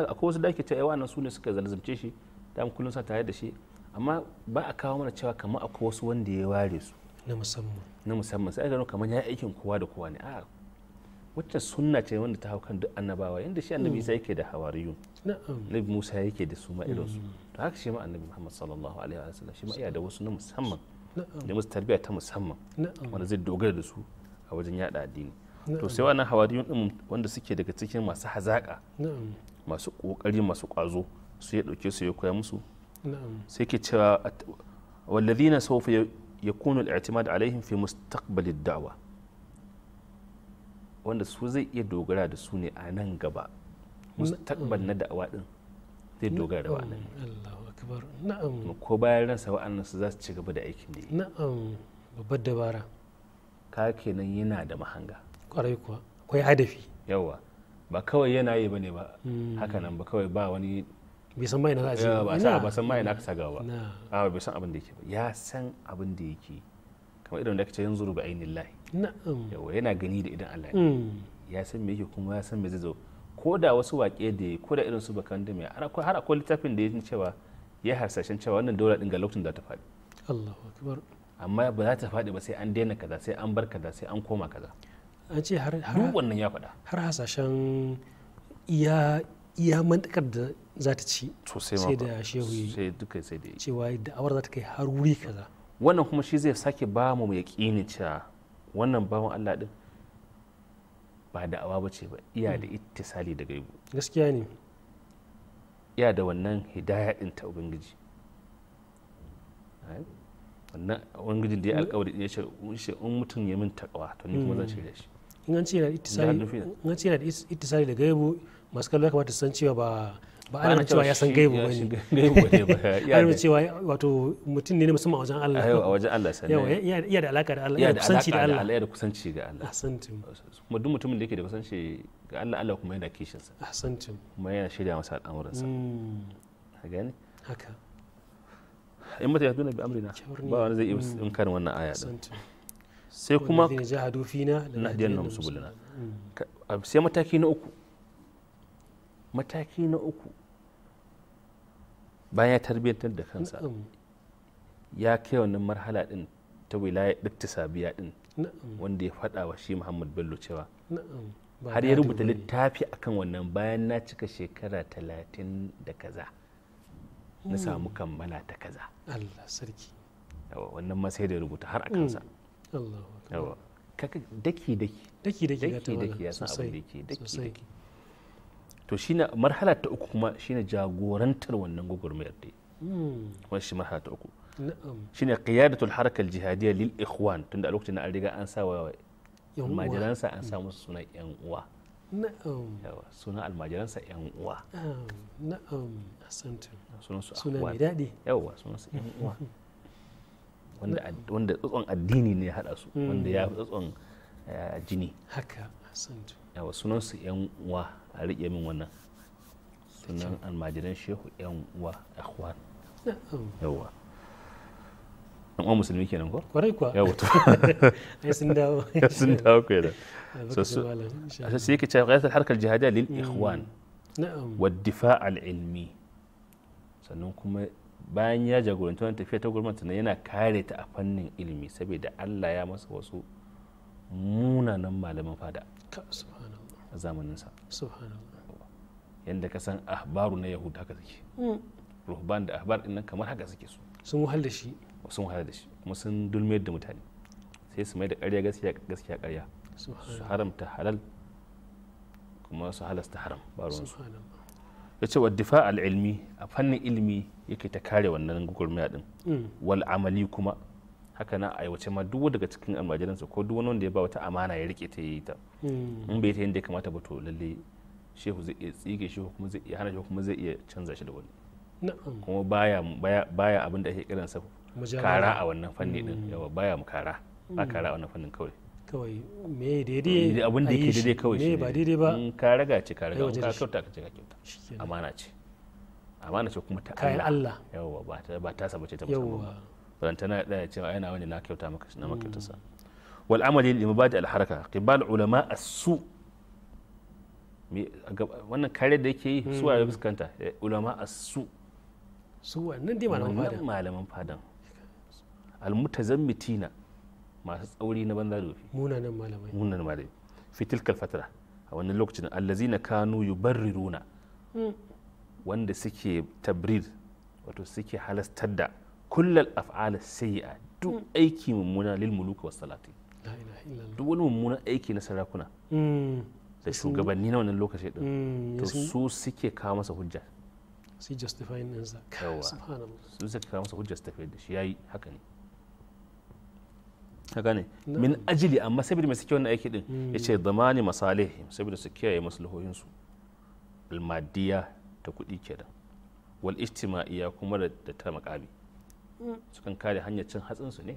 akwai wasu da ake ta yawa nan su ne suka zalzamce shi da kullum sa tare da shi amma ba a kawo mana cewa kamar akwai wasu wanda ya ware su na musamman na musamman sai ga kamar ya aikin kowa da kowa ne a wacce sunna ce wanda ta hau kan duk annabawa yanda shi annabi mm. isa yake da hawariyun nabi musa yake da su ma irin su mm. to haka shi ma annabi muhammad sallallahu alaihi wa sallam shi ma iya da wasu na musamman da musu tarbiyya ta musamman wanda zai dogara da su a wajen yada addini to sai wannan hawariyun din wanda suke daga cikin masu hazaka masu kokari masu kwazo Su ya ɗauke su ya koya musu sai ke cewa wallazina sawfa yakunu al-i'timad alaihim fi mustaqbalid da'wa wanda su zai iya dogara da su ne a nan gaba mustaqbal na da'awa din zai dogara da wa'annan Allahu akbar na'am ko bayan ransa wa'annan su za su ci gaba da aikin da na'am babbar dabara ka kenan yana da mahanga kwarai kuwa akwai hadafi yawa ba kawai yana yi bane ba hmm. haka nan ba kawai ba wani bai san mai na za a ba san ba san mai na kasa saga ba a bai san abin da yake ba ya san abin da yake kamar idan da kace yanzu ruba ainin lahi yawa yana gani da idan Allah hmm. ya san me yake kuma ya san me zai zo ko da wasu waƙe da ko da irin su bakan da mai har akwai littafin da ya cewa ya harsashen cewa wannan daura din ga lokacin da ta faɗi Allahu akbar amma ba za ta faɗi ba sai an daina kaza sai an bar kaza sai an koma kaza an ce har har wannan ya faɗa har hasashen iya iya mantakar da za ta ci sai da shehu sai cewa da'awar za ta kai har wuri kaza wannan kuma shi zai sake ba mu mai yaƙini cewa wannan bawan Allah din ba da'awa ba ce ba iya da hmm. ittisali da gaibu gaskiya ne iya da wannan hidaya din ta ubangiji wannan Ubangiji da ya hmm. alkawari ya ce in mutum ya min takawa to ni kuma zan hmm. shirya shi in an ce yana da ittisali da gaibu masu kamar ta san cewa ba ba ana cewa ya san gaibu ba ne ne ba ana cewa wato mutum ne musamman a wajen Allah a wajen Allah sannan yawa iya da alaka da Allah iya da kusanci da Allah iya da kusanci ga Allah ahsantum kuma duk mutumin da yake da kusanci ga Allah Allah kuma yana kishin sa ahsantum kuma yana shirya masa al'amuran sa hmm. ka gane haka in mata ya tuna bi amrina ba wani zai hmm. in karin wannan aya din sai kuma jahadu fina na hadiyan namu sai mataki na uku mataki na uku bayan ya tarbiyyantar da kansa ya kai wannan marhala din ta wilaya sabiya din wanda ya faɗa wa shi muhammad bello cewa har ya rubuta littafi akan wannan bayan na cika shekara talatin da kaza na hmm. samu kammala ta kaza allah sarki wannan ma sai da rubuta har a kansa hmm. yawa daki daki daki daki ya san abin da daki daki to shine marhala ta uku kuma shine jagorantar wannan gwagwarmayar dai hmm. wannan shi marhala ta uku shine qiyadatul harakal jihadiyya lil ikhwan tunda a lokacin an riga an sa wa almajiransa an sa musu suna yan uwa na'am suna almajiransa yan uwa na'am asantu. sunan mai dadi yawa sunan su yan uwa wanda wanda tsotson addini ne ya hada su wanda ya hmm. tsotson eh, jini haka asantu. yawa sunan su yan uwa a riƙe min wannan sunan almajiran shehu yan wa akhwan yawa an uwa musulmi kenan ko kwarai kuwa yawa to ai sun dawo sun dawo kenan so sai yake cewa qiyasul harkar jihadiyya lil hmm. ikhwan na'am wa difa' al ilmi sannan kuma bayan ya jagoranci wani tafiya ta gwamnati na yana kare ta a fannin ilimi saboda Allah ya masa wasu munanan malaman fada a zamaninsa yadda ka san ahbaru na yahud haka suke hmm. ruhban da ahbar din nan kamar haka suke su sun wahal da shi sun wahal da shi kuma sun dulme da mutane sai su mai da ƙarya gaskiya gaskiya ƙarya su haramta halal kuma su halasta haram ba ruwan su ya ce wa difa al ilmi a fannin ilimi yake ta kare wannan gugurmiya din hmm. wal amali kuma haka nan aiwace ma duk daga cikin almajiransa ko duk wani wanda ya ba wata amana ya rike ta yi ta hmm. in bai ta yadda ya kamata ba to lalle shehu zai iya tsige shi kuma zai iya hana shi kuma zai iya canza shi da wani kuma baya baya abin da ake kiransa kara a wannan fanni din hmm. yawa baya mu kara ba hmm. kara a wannan fannin kawai kawai me daidai abin da yake daidai kawai shi ba daidai ba in ka raga ce ka raga ka kyauta ka ce ka kyauta amana ce amana ce kuma ta Allah yawa ba ta ba ta sabace ta musamman balantana ya cewa yana wani na kyauta maka na makyautasa wal amali li mubadi al haraka qibal ulama as-su wannan kare da yake yi hmm. su ya fuskanta eh, ulama as-su su wannan dai malaman fadan malaman fadan al mutazammitina masu tsauri na banza dofi munanan malamai munanan malamai fi tilkal fatara a wannan lokacin allazina kanu yubarriruna hmm. wanda suke tabrir wato suke halastar da kullal af'ala sayyi'a duk aiki mummuna lil muluka was salati duk wani mummunan aiki na sarakuna da shugabanni na wannan lokaci din to su suke kawo masa hujja su justify din sa subhanallah su suke kawo masa hujja su tafi da shi yayi haka ne haka ne min ajili amma saboda mai suke wannan aiki din yace zamani masalihim saboda su kiyaye maslahohin su almadiya da kuɗi kenan wal ijtima'iyya kuma da ta makami sukan kare hanyar cin hatsinsu ne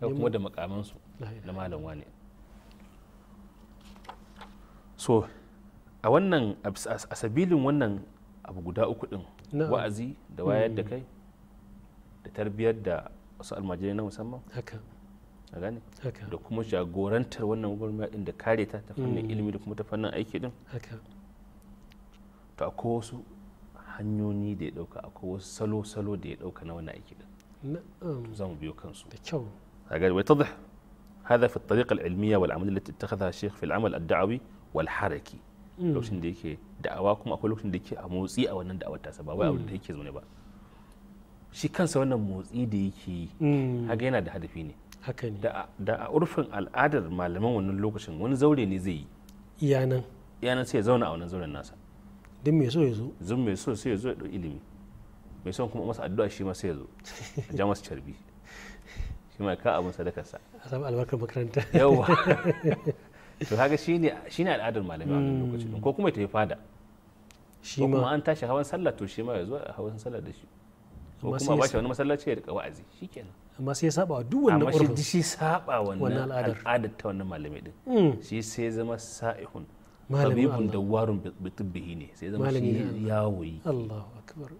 da kuma da makamansu na malam wane so a wannan a sabilin wannan abu guda uku din wa'azi da wayar da hmm. kai da tarbiyyar da wasu almajirai na musamman a gane da kuma jagorantar wannan gwamnati din da kare ta ta fannin hmm. ilimi da kuma ta fannin aiki din to akwai wasu hanyoyi da ya dauka akwai wasu salo-salo da ya dauka na wani aiki din zan biyo kansu da kyau kaga wai tadh hada fi at-tariqa al-ilmiyya wal amal allati ittakhadha shaykh fi al-amal ad-da'wi wal haraki mm. lokacin da yake da'awa kuma akwai lokacin da yake a motsi a wannan da'awar tasa ba wai abin da mm. yake zaune ba shi kansa wannan motsi da yake yi haka mm. yana da hadafi ne haka ne da a urfin al'adar malaman wannan lokacin wani zaure ne zai yi iyanan iyanan sai ya zauna a wannan zauren nasa duk mai so ya zo zun mai so sai ya zo ya ɗau ilimi mai son kuma masa addu'a shi ma sai ya zo a ja masa carbi shi ma ka abin sadakarsa a samu albarkar makaranta yawa to haka shine shine al'adar malami a wannan lokacin ko kuma ta yi fada shi ma kuma an tashi hawan sallah to shi ma ya zo a hawan sallah da shi ko kuma ba shi wani masallaci ya rika wa'azi shikenan amma sai ya saba wa duk wannan urfin amma shi saba wannan al'adar ta wannan malamai din mm. shi sai zama sa'ihun tabibun dawwarun bitibbihi ne sai zama shi yawoyi Allahu akbar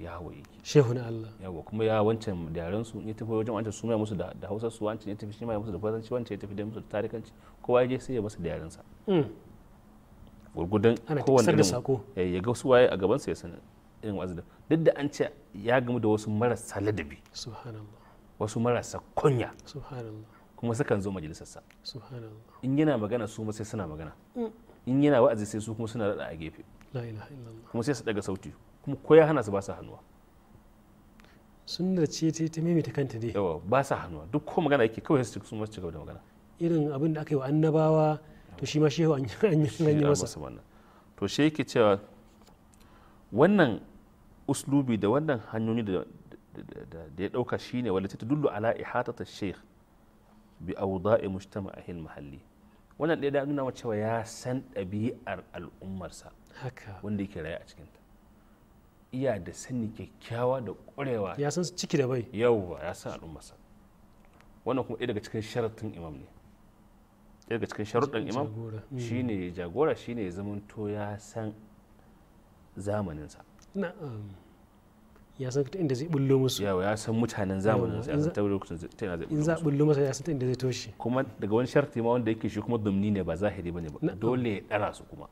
yawoyi shehu na Allah yawo kuma ya wancan yaran su ya tafi wajen wancan su musu da Hausa su wancan ya tafi shi ya musu da kwazanci wancan ya tafi da musu da tarikanci kowa ya je sai ya basu da yaran sa mm. gurgudan kowanne irin eh, ya ga su waye a gaban sa ya san irin da duk da an ce ya gamu da wasu marasa ladabi subhanallah wasu marasa kunya subhanallah kuma sukan zo majalisarsa in yana magana su ma sai suna magana mm. in yana wa'azi sai su kuma suna rada a gefe kuma sai su daga sauti kuma ko ya hana su ba su hannuwa sunnar ce ta maimaita kanta dai yawa ba su hannuwa duk ko magana yake kawai su kuma su masu da magana irin abin da aka yi wa annabawa to shi ma shehu an yi masa to shi yake cewa wannan uslubi da wannan hanyoyi da ya dauka shine wallata ta dullu ala ihatata sheikh bi auda'i mujtama'ihil mahalli wannan ɗaya da nuna cewa ya san ɗabi'ar al'ummarsa wanda yake raye a cikinta iya da sani kyakkyawa da ƙwarewa ya san ciki da bai yauwa ya san al'ummarsa wannan kuma ɗaya daga cikin sharatin imam ne ɗaya daga cikin sharuɗin imam hmm. shine ya jagora shine ya zamanto ya san zamaninsa na'am ya san ta inda zai bullo musu yawa ya san mutanen zamanin sai san ta lokacin ta yana zai bullo in za bullo masa ya san ta inda zai toshe kuma daga wani sharti ma wanda yake shi kuma dumni ne ba zahiri bane ba dole ya dara su kuma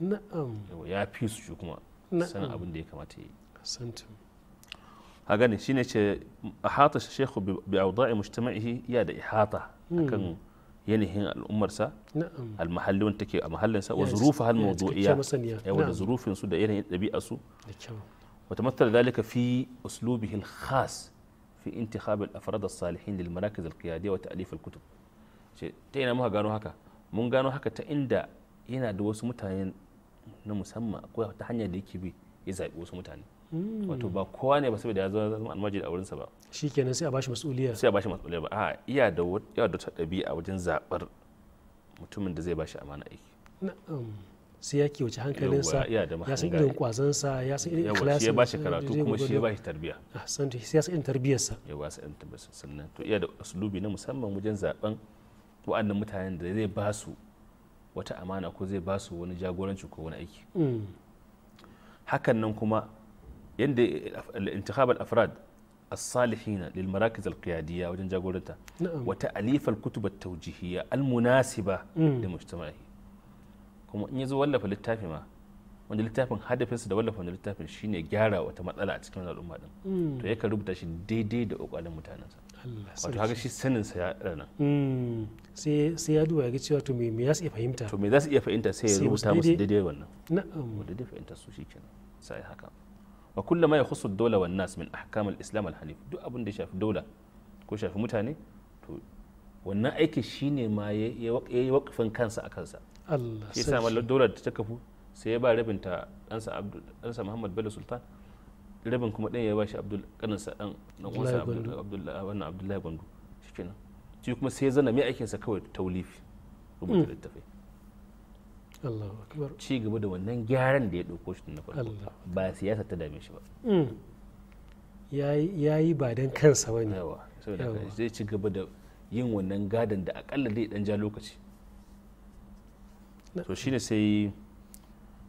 na'am ya fi su shi kuma san abin da ya kamata yi santum a gani shine ce ahata shekhu bi awda'i mujtama'ihi ya da ihata hmm. akan yanayin al'ummarsa almahalli wanda take a mahallinsa wa zurufa hal mawdu'iyya yawa da zurufin su da yanayin ɗabi'a su وتمثل ذلك في أسلوبه الخاص في انتخاب الأفراد الصالحين للمراكز القيادية وتأليف الكتب تينا مها قالوا هكا mun gano haka ta inda yana da wasu mutane na musamman akwai ta hanyar da yake bi ya zaɓi wasu mutane wato ba kowa ne ba saboda ya zama almajiri a wurinsa ba shi kenan sai a bashi mas'uliya sai a bashi mas'uliya ba a iya da wata ɗabi'a wajen zaɓar mutumin da zai bashi amana aiki sai ya kiwace hankalinsa ya san irin kwazansa ah, ya san irin ikhlasin ya ba shi karatu kuma shi ya ba shi tarbiya san to ya san irin tarbiyarsa ya ba su irin tarbiyarsa sannan to iya da uslubi na musamman wajen zaben wa'annan mutanen da zai ba su wata amana ko zai ba su wani jagoranci ko wani aiki mm. hakan nan kuma yadda intikhab al-afrad salihina الصالحين للمراكز القيادية وجن جاغورتا وتأليف الكتب التوجيهية المناسبة لمجتمعه kuma in ya zo wallafa littafi ma wanda littafin hadafinsa da wallafa wanda littafin shine gyara wata matsala a cikin al'umma din mm. to yakan rubuta shi daidai da kokalin mutanensa wato haka shi sanin sa ya rana mm. sai ya duba ya ga cewa to me za su iya fahimta to me za su iya fahimta sai ya rubuta musu daidai wannan na'am daidai fahimta su kenan sai haka wa kullu ma yakhussu ad-dawla wan nas min ahkam al-islam al-hanif duk abin da ya shafi dawla ko shafi mutane to wannan aiki shine ma ya yi wakfin kansa a kansa Allah ya sa daular ta kafu sai ya ba rabin ta ɗansa Muhammad Bello Sultan rabin kuma ɗan ya ba shi Abdul kaninsa ɗan ɗan uwansa ah, wannan Abdullahi Gwandu shikenan shi kuma sai zana mai aikinsa kawai taulifi rubuta mm. littafai Allahu akbar ci gaba da wannan gyaran da ya ɗauko shi na farko ba siyasa ta dame shi ba mm. ya yi ba don kansa ba ne zai ci gaba da yin wannan gadon da akalla zai dan ja lokaci to shine sai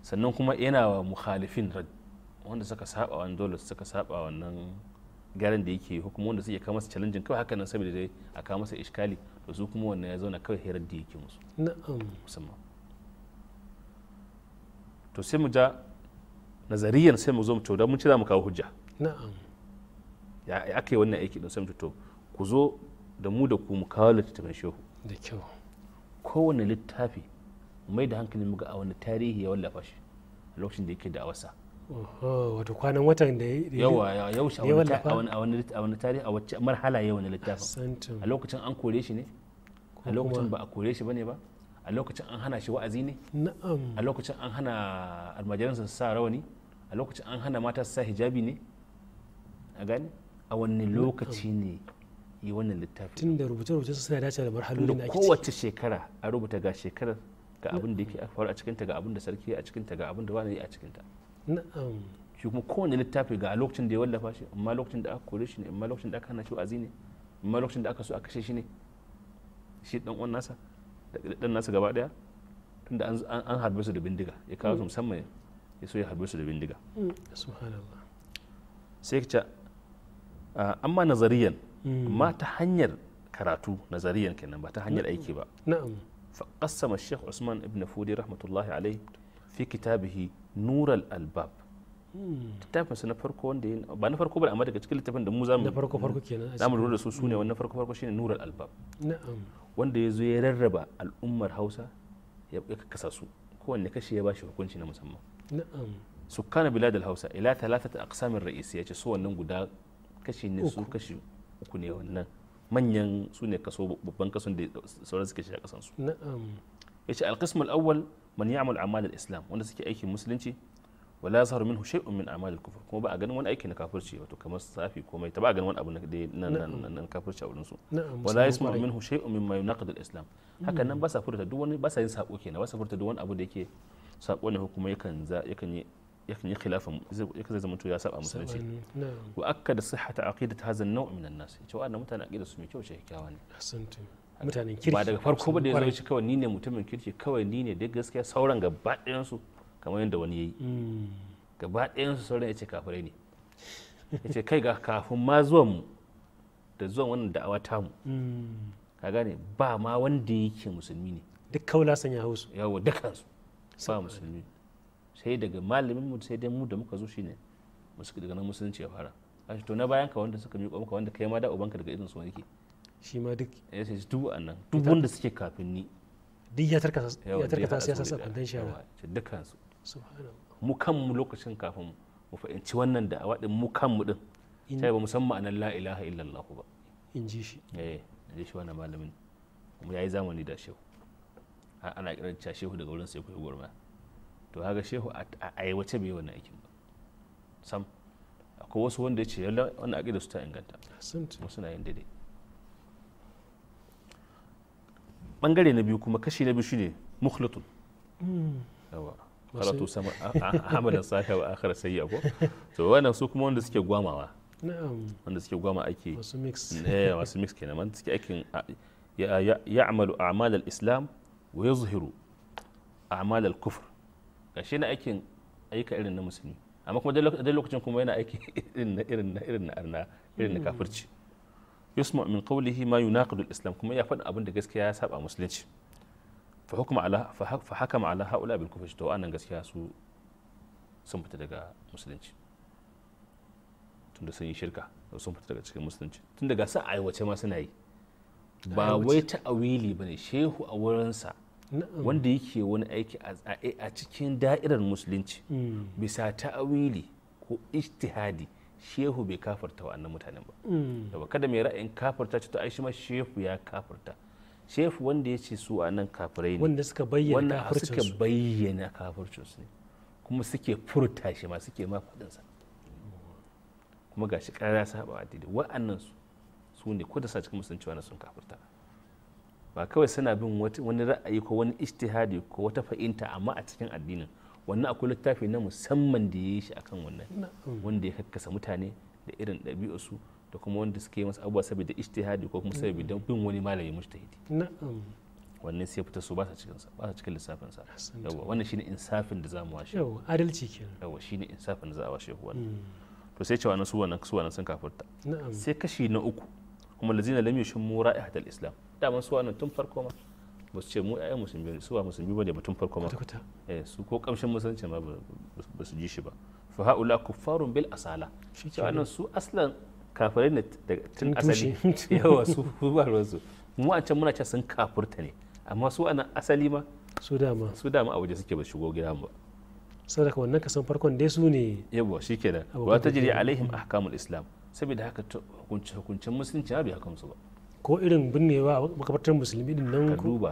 sannan kuma yana wa muhalifin wanda suka saba wani dole suka saba wannan gyaran da yake hukumu wanda suke kama masa challenge kawai haka nan saboda dai a kama masa iskali to su kuma wannan ya zauna kawai hirar da yake musu na'am musamman to sai mu ja nazariyan sai mu zo mu to dan mun ci za mu kawo hujja na'am ya aka yi wannan aiki don sai mu to ku zo da mu da ku mu kawo littattafan shehu da kyau kowane littafi mai da hankali muga a wani tarihi ya wallafa shi lokacin da yake da awasa wato kwanan watan da yawa yau a wani tarihi a wacce marhala yau na littafin a lokacin an kore shi ne a lokacin ba a kore shi bane ba a lokacin an hana shi wa'azi ne a lokacin an hana almajiran su sa rawani a lokacin an hana mata su sa hijabi ne a gani a wani lokaci ne yi wannan littafin tun da rubuce-rubuce suna dace da marhalolin da ake kowace shekara a rubuta ga shekarar ga abin da yake faru a cikinta ga abin da sarki a cikinta ga abin da wani a cikinta na'am shi kuma kowane littafi ga lokacin da ya wallafa shi amma lokacin da aka kore shi ne amma lokacin da aka hana shi wa'azi ne amma lokacin da aka so aka kashe shi ne shi dan uwan nasa da dan nasa gaba daya tunda an harbe su da bindiga ya kawo su mm. musamman ya so ya harbe su da bindiga mm. subhanallah sai ka ah, amma nazariyan mm. amma ta hanyar karatu nazariyan kenan ba ta hanyar aiki ba na'am فقسم الشيخ عثمان بن فودي رحمة الله عليه في كتابه نور الألباب littafin su na farko wanda ya ba na farko ba amma daga cikin littafin da mu za mu na farko farko kenan zamu lura da su sune wannan farko farko shine nurul albab na'am wanda ya zo ya rarraba al'ummar Hausa ya kasa su kowanne kashi ya bashi hukunci na musamman na'am sukkana bilad al-Hausa ila thalathati aqsamir ya ce su wannan guda kashi ne su kashi uku ne wannan manyan su ne kaso babban kason da sauran suke shiga kasan su ya ce alkismul awwal man ya'mal amal islam wanda suke aikin musulunci wala yazharu minhu shay'un min a'mal al kuma ba a ganin wani aiki na kafirci wato kamar safi komai ta ba a ganin wani abu na nan kafirci a wurin su wala yasma'u minhu shay'un mimma yunaqid al-islam hmm. hakan nan ba sa furta duk wani ba sa yin sako kenan ba sa furta duk wani abu da yake sako ne hukuma yakan yakan yi yakan yi khilafin zai zama to ya saba musulunci wa akka da sihhata aqidat hadha an-naw' min an-nas ce wa mutane aqida su mai kyau shi kyawa ne mutanen kirki ba daga farko ba da ya zauci kawai ni ne mutumin kirki kawai ni ne da gaskiya sauran gaba kamar yadda wani ya hmm. gaba ɗayan sauran ya ce kafirai ne ya ce kai ga kafin ma zuwan mu da zuwan wannan da'awa ta mu hmm. ka gane ba ma wanda yake musulmi ne duk kaula sanya hausu Yawon dukansu ba musulmi sai daga malamin mu sai dai mu da muka zo shine musu daga nan musulunci ya fara a to na bayan ka wanda suka miƙo maka wanda kai ma da ubanka daga irin su yake shi ma duk ya eh, sai duk annan duk wanda suke kafin ni duk ya tarka ya tarka siyasa sa kandan shi yawa dukkan su mu kan mu lokacin kafin mu fahimci wannan da awadin mu kan mu din sai ba musamman anan la ilaha illallah ba in ji shi eh in ji shi wannan malamin kuma yayi zamani da shehu ana kiran shehu daga wurin sai yi gurma to kaga shehu a aiwace bai yi wannan aikin ba sam akwai wasu wanda ya ce yalla wannan aqida su ta inganta wasu na yin daidai bangare na biyu kuma kashi na biyu shine mukhlatun hmm. yawa karatu sama hamada sahiya wa akhara sayya ko to wannan su kuma wanda suke gwamawa wanda suke gwama ake wasu mix eh wasu mix kenan wanda suke aikin ya'malu a'mal al-islam wa yuzhiru a'mal al-kufr gashi na aikin ayyuka irin na musulmi amma kuma dai lokacin kuma yana aiki irin na irin na irin na arna irin na hmm. kafirci yusma min qawlihi ma yunaqidu al-islam kuma ya faɗin abin da gaskiya ya saba musulunci fa hukuma ala fa hakama ala haula bil kufri to anan gaskiya su sun fita daga musulunci tunda sun yi shirka sun fita daga cikin musulunci tun daga sa aiwace ma suna yi ba wai ta'awili bane shehu a wurinsa wanda yake wani aiki a cikin da'irar musulunci mm. bisa ta'awili ko ijtihadi shehu bai kafarta wa'annan mutanen ba da mm. kada mai ra'ayin kafarta ce to ai shi ma shehu ya kafarta Shehu wanda ya ce su a nan kafirai ne wanda suka bayyana kafircinsu suka bayyana kafircinsu ne kuma suke furta shi ma suke ma faɗinsa kuma gashi shi saba sabawa daidai wa'annan su ne ko da sa cikin musulunci wannan sun kafirta ba kawai suna bin wani ra'ayi ko wani ijtihadi ko wata fahimta amma a cikin addinin wannan akwai littafi na musamman da ya yi shi akan wannan wanda ya kakkasa mutane da irin ɗabi'arsu da kuma wanda suke masa abubuwa saboda ijtihadi ko kuma saboda mm. bin wani malami mujtahidi na'am wannan sai fita su ba sa cikin ba sa cikin lissafin sa yawa wannan shine insafin da zamu washe yawa adalci kenan yawa shine insafin da za a washe ku wannan mm. to sai cewa na su wannan su wannan sun kafirta sai kashi na uku kuma lazina lam yushmu ra'ihatul islam daman su nan tun farko ma ba su ce mu ɗaya musulmi ne su ba musulmi ba tun farko ma eh, su ko kamshin musulunci ma ba su ji shi ba fa haula kuffarun bil asala shi ce wannan su aslan kafirai ne tun asali yawa su ba ruwan su mu a can muna ce sun kafurta ne amma su anan asali ma su dama su dama a waje suke ba shigo gida ba sadaka wannan kasan farkon dai su ne yawa shikenan wa tajri alaihim ahkamul islam saboda haka hukunce hukuncen musulunci ba bai hakan su ba ko irin binnewa a makabartar musulmi din nan ku duba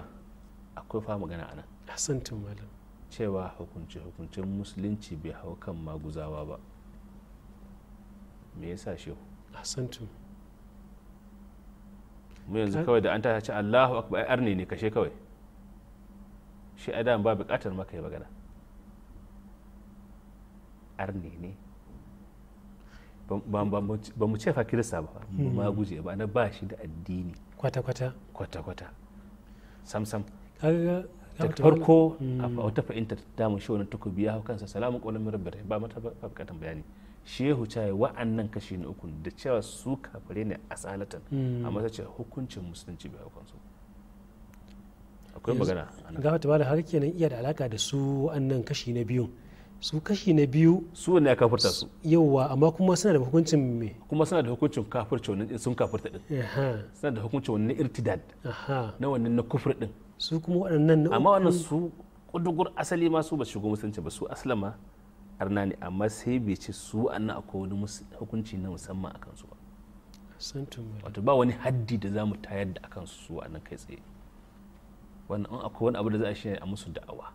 akwai fa magana anan hasantin malam cewa hukunce hukuncin musulunci bai hau kan maguzawa ba me yasa shi hasantin mu yanzu kawai da an ta ce Allahu akbar arne ne kashe kawai shi adam ba bukatar maka yi magana arne ne ba mu ce fa kirista ba ma guje ba na ba shi da addini kwata-kwata kwata-kwata sam-sam da farko a wata fahimta ta damu shi wani takobi ya hau kansa salamun ƙaunar mirar birrai ba mata fafikatan bayani shehu caye wa'annan kashi na uku da cewa su kafare ne asalatan hmm. amma ta ce hukuncin musulunci bai hau kansu akwai magana ga wata bala har kenan iya da alaka da su wa'annan kashi na biyun su kashi na biyu su ne kafurta su yauwa amma kuma suna da hukuncin me kuma suna da hukuncin kafurta wannan sun kafurta din suna da hukuncin wannan irtidad na wannan na kufur din su kuma waɗannan na amma wannan su kudugur asali ma su ba shigo musulunci ba su aslama arna ne amma sai bai ce su annan akwai wani hukunci na musamman akan su ba wato ba wani haddi da za mu tayar da akan su a nan kai tsaye wannan akwai wani abu da za a shi a musu da'awa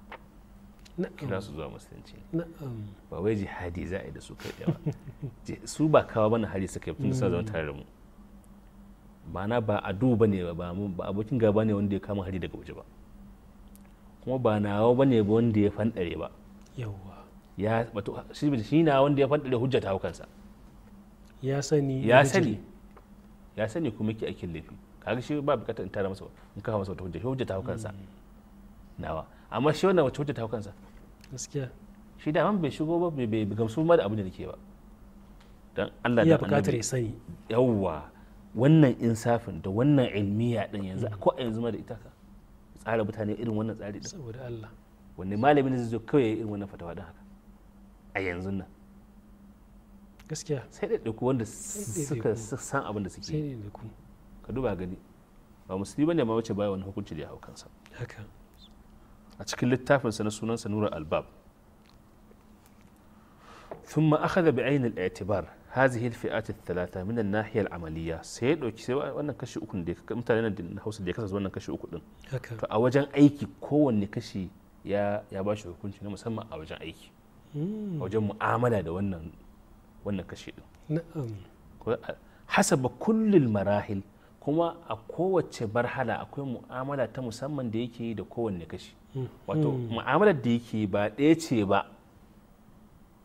kira um, su zuwa musulunci um, ba wai jihadi za a yi da su kai ba su ba kawo mana hari suka yi tun sa zama tare da mu na ba adu ba ne ba abokin gaba ne wanda ya kama hari daga waje ba kuma ba nawa ba ne wanda ya fandare ba ya wato shi na wanda ya fandare hujja ta haukansa ya sani ya sani ya sani kuma ke akin laifi kaga shi ba bukatar in tara masa in kawo masa wata hujja hujja ta haukansa hmm. nawa amma shi wannan wacce hujja ta haukansa gaskiya shi da bai shigo ba bai gamsu ma da abin da nake ba dan Allah da bukatar ya sani yawwa wannan insafin da wannan ilmiya din yanzu hmm. ko a yanzu ma da ita ka tsara mutane irin wannan tsari din saboda Allah wanne malamin zai zo kawai irin wannan fatawa din haka a yanzu nan gaskiya sai da ku wanda suka san abin da suke sai da ku ka duba gani ba musulmi bane ma wace baya wani hukunci da ya hau kansa haka a cikin littafinsa na sunansa nura albab ثم أخذ بعين الاعتبار هذه الفئات الثلاثة من الناحية العملية سيد أوكي سيد وأنا كشي أكون ديك مثلا أنا هوس ديك أساس وأنا كشي أكون فأوجان أيكي كون كشي يا يا باشا يكون شنو مسمى أوجان أيكي أوجان معاملة ده وأنا وأنا كشي نعم حسب كل المراحل kuma a kowace barhala akwai mu'amala ta musamman da yake yi da kowanne kashi wato mm. mu'amalar da yake ba ɗaya ce ba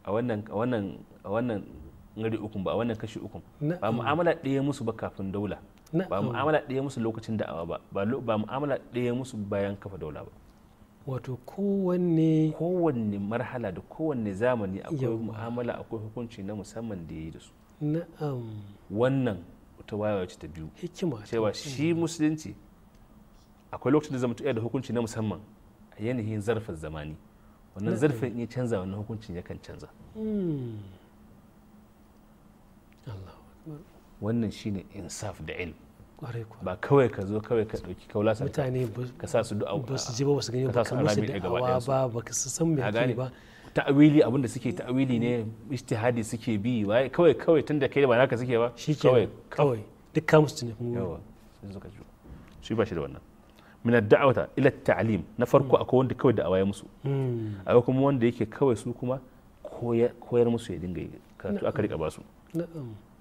a wannan a wannan wannan ngari ukun ba a wannan kashi ukun ba mu'amala ɗaya musu ba kafin daula ba mu'amala ɗaya musu lokacin da'awa ba ba mu'amala ɗaya musu bayan kafa daula ba wato kowanne kowanne marhala da kowanne zamani akwai mu'amala akwai hukunci na musamman da ya yi da su na'am wannan ta wayawace ta biyu hikima cewa shi musulunci akwai lokacin da zama da hukunci na musamman yanayin zarfin zamani wannan zarfin ya canza wannan hukuncin yakan canza hmm. wannan shine insaf da ilm ba kawai ka zo kawai ka dauki kaula sa mutane ka sa su du'a ba su je ba su gani ba ka musu da'awa ba ba ka san me ake ba ta'awili abinda suke ta'awili ne ijtihadi suke bi waye kawai kawai tunda kai ba naka suke ba kawai kawai duk kamus musu tunani yawa sai suka shi ba shi da wannan من الدعوة إلى التعليم نفرق أكون دكوا دعوة يا مسو أكون وان ديك كوا سوكما كوا كوا المسو يدين جي كأكرك نعم. أباسو نعم.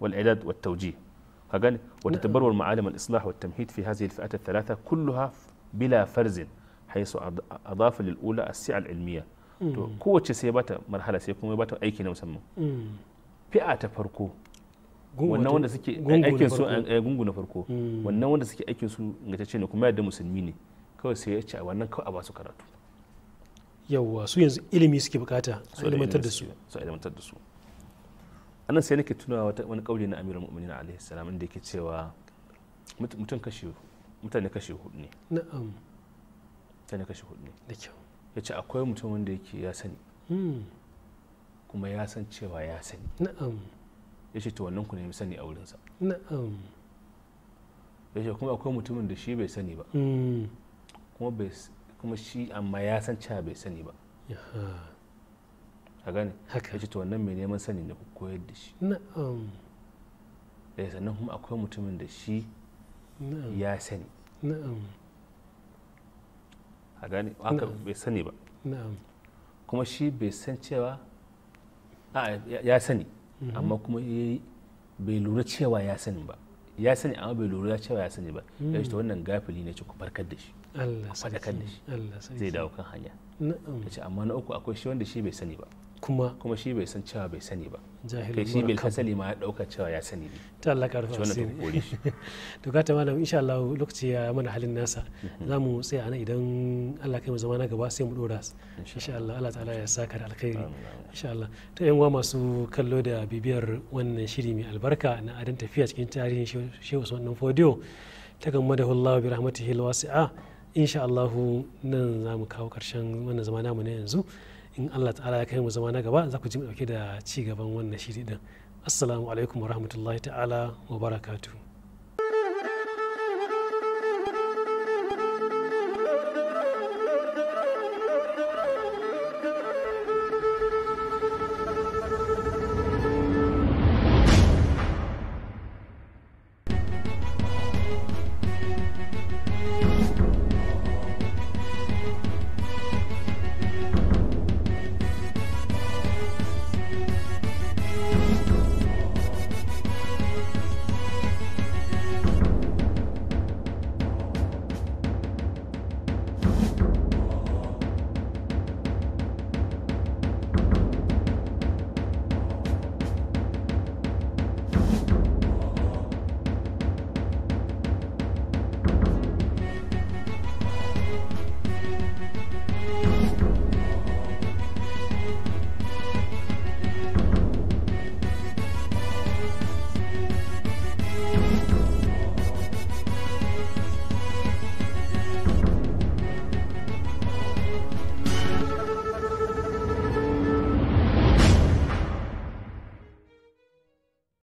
والإعداد والتوجيه فقال وتتبر نعم. المعالم الإصلاح والتمهيد في هذه الفئات الثلاثة كلها بلا فرز حيث أضاف للأولى السعة العلمية قوة سيبات مرحلة سيكون يبات أي كي مسمى فئة فرقو wannan wanda suke aikin su eh, eh, gungu na farko hmm. wannan wanda suke aikin su ingantacce ne kuma yadda musulmi ne kawai sai ya ce a wannan kawai a ba su karatu yawwa su yanzu ilimi suke bukata su ilimantar da su su ilimantar da su anan sai nake tunawa wani kauri na amirul mu'minin alaihi salam inda yake cewa mutum kashe mutane kashi hudu ne na'am mutane kashe hudu ne da kyau ya ce akwai mutum wanda yake ya sani hmm. kuma ya san cewa ya sani na'am ya ce wannan ku mu sani a wurinsa ya ce kuma akwai mutumin da shi bai sani ba mm. kuma shi amma ya san cewa bai sani ba a gane ya ce wannan mai neman sani ne ku koyar da shi ya eh, sannan kuma akwai mutumin da shi ya sani a gane aka bai sani ba kuma shi bai san cewa ya sani Mhm. amma kuma eh, bai lura cewa ya sani ba ya sani amma bai lura cewa ya sani ba ya ce mhm. wannan gafili ne ce ku farkar da shi ku faɗakar da shi zai dawo kan hanya ya ce amma na uku akwai shi wanda shi bai sani ba kuma kuma shi bai san cewa bai sani ba kai shi bil kasali ma ya dauka cewa ya sani ne ta Allah karfa asiri to gata malam insha Allah lokaci ya mana halin nasa mhm. zamu tsaya ana idan Allah kai mu zama na gaba sai mu dora insha Allah Allah ta'ala ya saka da alkhairi insha Allah to yan masu kallo da bibiyar wannan shiri mai albarka na adan tafiya cikin tarihin Shehu Usman dan Fodio ta gamma da Allah bi rahmatihi alwasi'a insha Allah nan zamu kawo karshen wannan zamana mu na yanzu in allah ta'ala ya kai mu zama na gaba za ku ji mu dauke da ci gaban wannan shiri din assalamu alaikum wa rahmatullahi ta'ala wa barakatuh